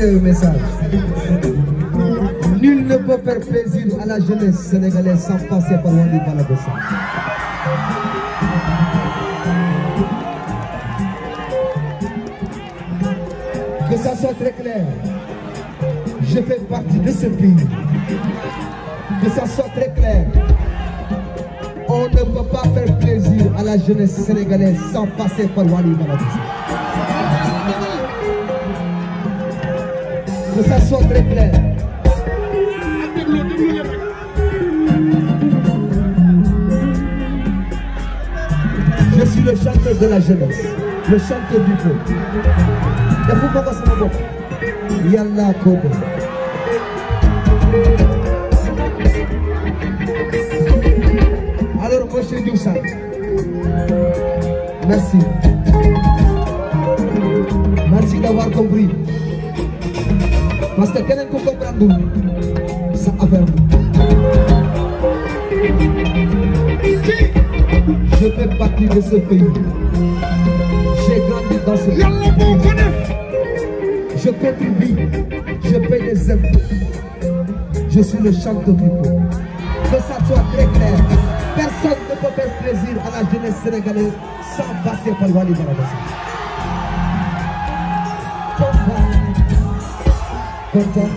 c'est un message. Nul ne peut faire plaisir à la jeunesse sénégalaise sans passer par Wally Ballago Seck. Que ça soit très clair, je fais partie de ce pays. Que ça soit très clair, on ne peut pas faire plaisir à la jeunesse sénégalaise sans passer par Wally Ballago Seck. que ça soit très clair. Je suis le chanteur de la jeunesse, le chanteur du peuple. dafa bëgg sama bopp yàlla ko alors monsieur Diouf Sarr merci. parce que keneen ku comprendre sa affaire je fais partie de ce pays j'ai dans ce pays yàlla moo ko je contribue je je suis le chanteur du peuple que ça personne ne peut faire plaisir à la jeunesse sénégalaise sans passer par Wally Ballago Seck Hallelujah.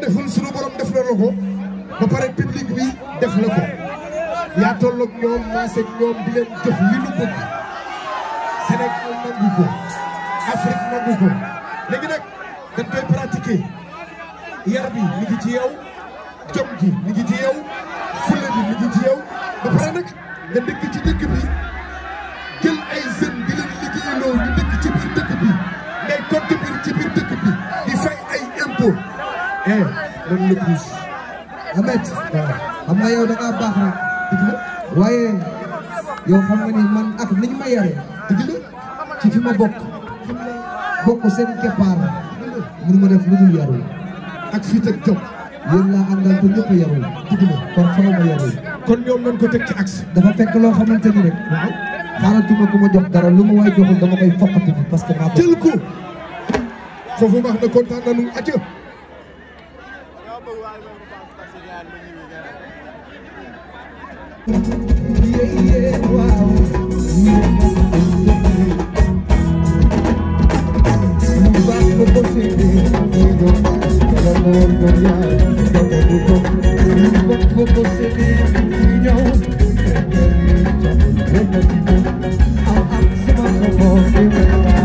deful sunu borom def na la ko ba pare public bi def la yaa tolloog ñoom maaseeg ñoom di leen jox li nu bëgg Sénégal nangu ko Afrique nangu ko léegi nag dañ koy pratiquer yar bi mi ngi ci yow ci biir dëkk bi fay ay impôt. eh lan la puus. Ahmed. waaw xam nga yow da baax rek. dëgg la waaye yow xam ni man ak ni ñu yare dëgg la ci fi ma bokk. bokk seen keppaar. mënu ma def lu dul yarul. ak fii teg jom. yéen laa àndal te ñëpp a yarul. dëgg la kon kon ñoom nañ ko teg ci axe. dafa fekk loo xamante ni rek. waaw xaaral du ma ko ma jox dara lu mu waay joxul dama koy fokkati parce que maa foofu baax na kontaan nañu acca Thank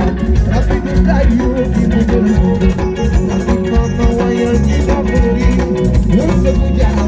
you. Yeah.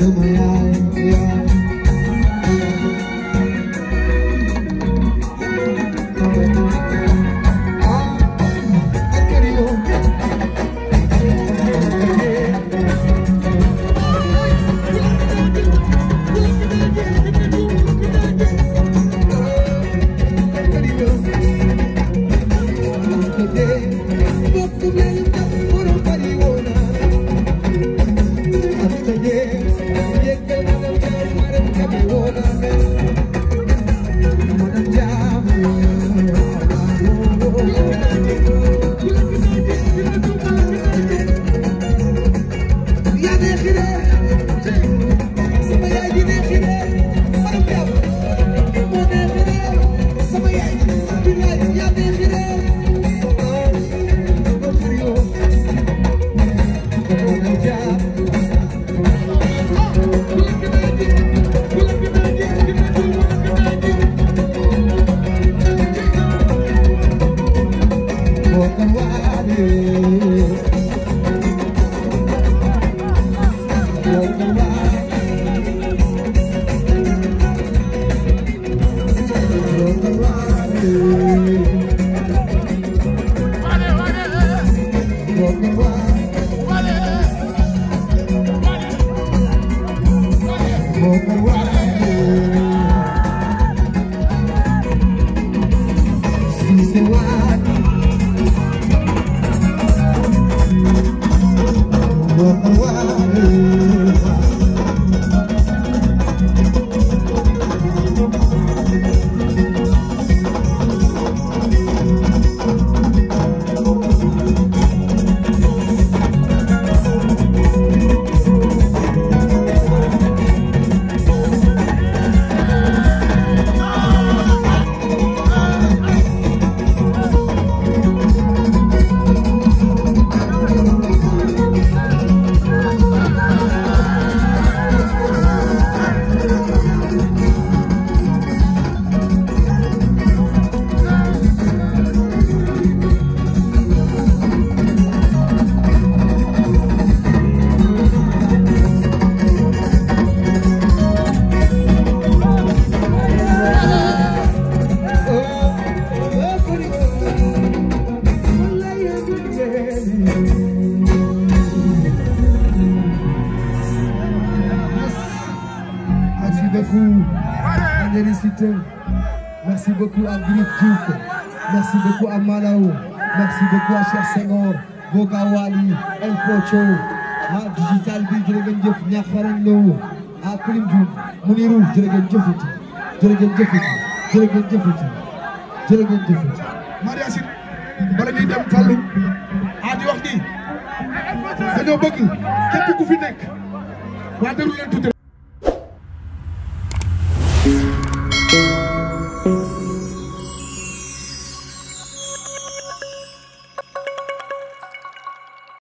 seu mundo. Diouf merci beaucoup à Malaw merci beaucoup à Cheikh Senghor Boga Wali El Pocho ah digital bi jërë ngeen jëf ñaxaran lowu ah Kulim Diouf Muniru jërë ngeen jëfati jërë ngeen jëfati jërë ngeen jëfati jërë ngeen jëfati Maria Sy bala ñuy dem fàllu a ah, di wax ni dañoo bëgg képp ku fi nekk waa déglu leen